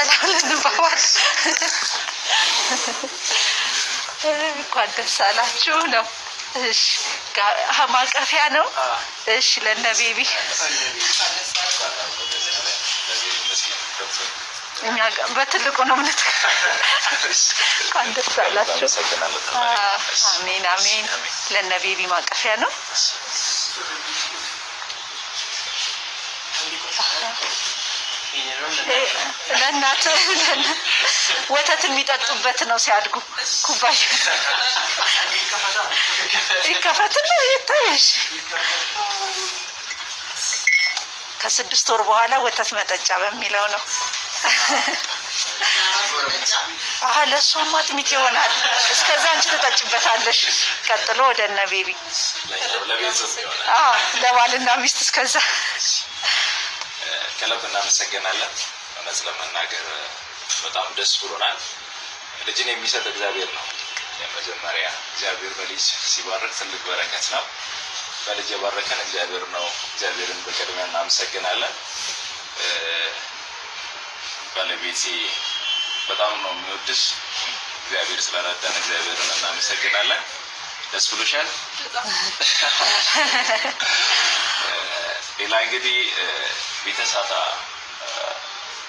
ሰላም ልንባባል። እንኳን ደስ አላችሁ ነው። እሺ ማቀፊያ ነው። እሺ ለነ ቤቢ እኛ በትልቁ ነው ምንት እንኳን ደስ አላችሁ። አሜን አሜን። ለነ ቤቢ ማቀፊያ ነው። ለእናት ወተት የሚጠጡበት ነው ሲያድጉ። ኩባያ ይከፈትና ይታየሽ። ከስድስት ወር በኋላ ወተት መጠጫ በሚለው ነው። አሀ ለእሷም አጥሚት ይሆናል። እስከዛ አንቺ ትጠጭበታለሽ። ቀጥሎ ወደ እነ ቤቢ ለባልና ሚስት እስከዛ ከልብ እናመሰግናለን። እውነት ለመናገር በጣም ደስ ብሎናል። ልጅን የሚሰጥ እግዚአብሔር ነው። የመጀመሪያ እግዚአብሔር በልጅ ሲባርክ ትልቅ በረከት ነው። በልጅ የባረከን እግዚአብሔር ነው። እግዚአብሔርን በቅድሚያ እናመሰግናለን። ባለቤቴ በጣም ነው የሚወድስ። እግዚአብሔር ስለረዳን እግዚአብሔርን እናመሰግናለን። ደስ ብሎሻል? ሌላ እንግዲህ ቤተሳታ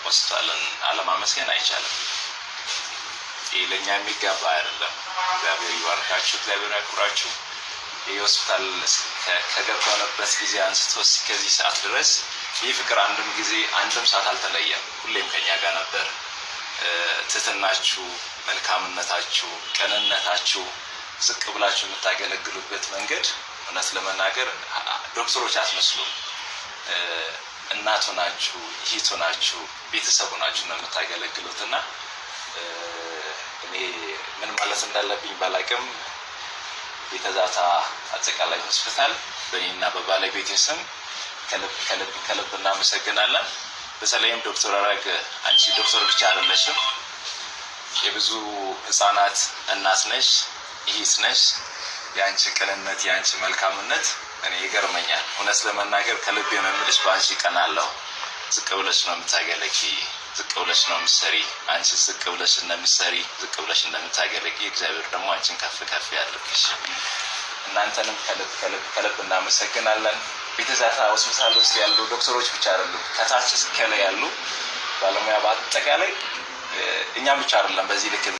ሆስፒታልን አለማመስገን አይቻልም። ይህ ለእኛ የሚገባ አይደለም። እግዚአብሔር ይባርካችሁ፣ እግዚአብሔር ያክብራችሁ። ይህ ሆስፒታል ከገባንበት ጊዜ አንስቶ እስከዚህ ሰዓት ድረስ ይህ ፍቅር አንድም ጊዜ አንድም ሰዓት አልተለየም። ሁሌም ከኛ ጋር ነበር። ትህትናችሁ፣ መልካምነታችሁ፣ ቅንነታችሁ፣ ዝቅ ብላችሁ የምታገለግሉበት መንገድ እውነት ለመናገር ዶክተሮች አትመስሉም። እናቱ ናችሁ፣ ይሂቱ ናችሁ፣ ቤተሰቡ ናችሁ ነው የምታገለግሉት እና እኔ ምን ማለት እንዳለብኝ ባላቅም ቤተዛታ አጠቃላይ ሆስፒታል በእኔና በባለቤቴ ስም ከልብ ከልብ ከልብ እናመሰግናለን። በተለይም ዶክተር አራግ አንቺ ዶክተር ብቻ አይደለሽም፣ የብዙ ህጻናት እናት ነሽ፣ ይሂት ነሽ። የአንቺ ቅንነት፣ የአንቺ መልካምነት እኔ ይገርመኛል። እውነት ለመናገር ከልብ የመምልሽ የምልሽ በአንቺ ቀናለሁ። ዝቅ ብለሽ ነው የምታገለጊ፣ ዝቅ ብለሽ ነው የምትሰሪ። አንቺ ዝቅ ብለሽ እንደምትሰሪ፣ ዝቅ ብለሽ እንደምታገለጊ እግዚአብሔር ደግሞ አንቺን ከፍ ከፍ ያድርግሽ። እናንተንም ከልብ ከልብ ከልብ እናመሰግናለን። ቤተዛታ ሆስፒታል ውስጥ ያሉ ዶክተሮች ብቻ አይደሉም፣ ከታች እስከ ያሉ ባለሙያ በአጠቃላይ እኛም ብቻ አይደለም በዚህ ልክ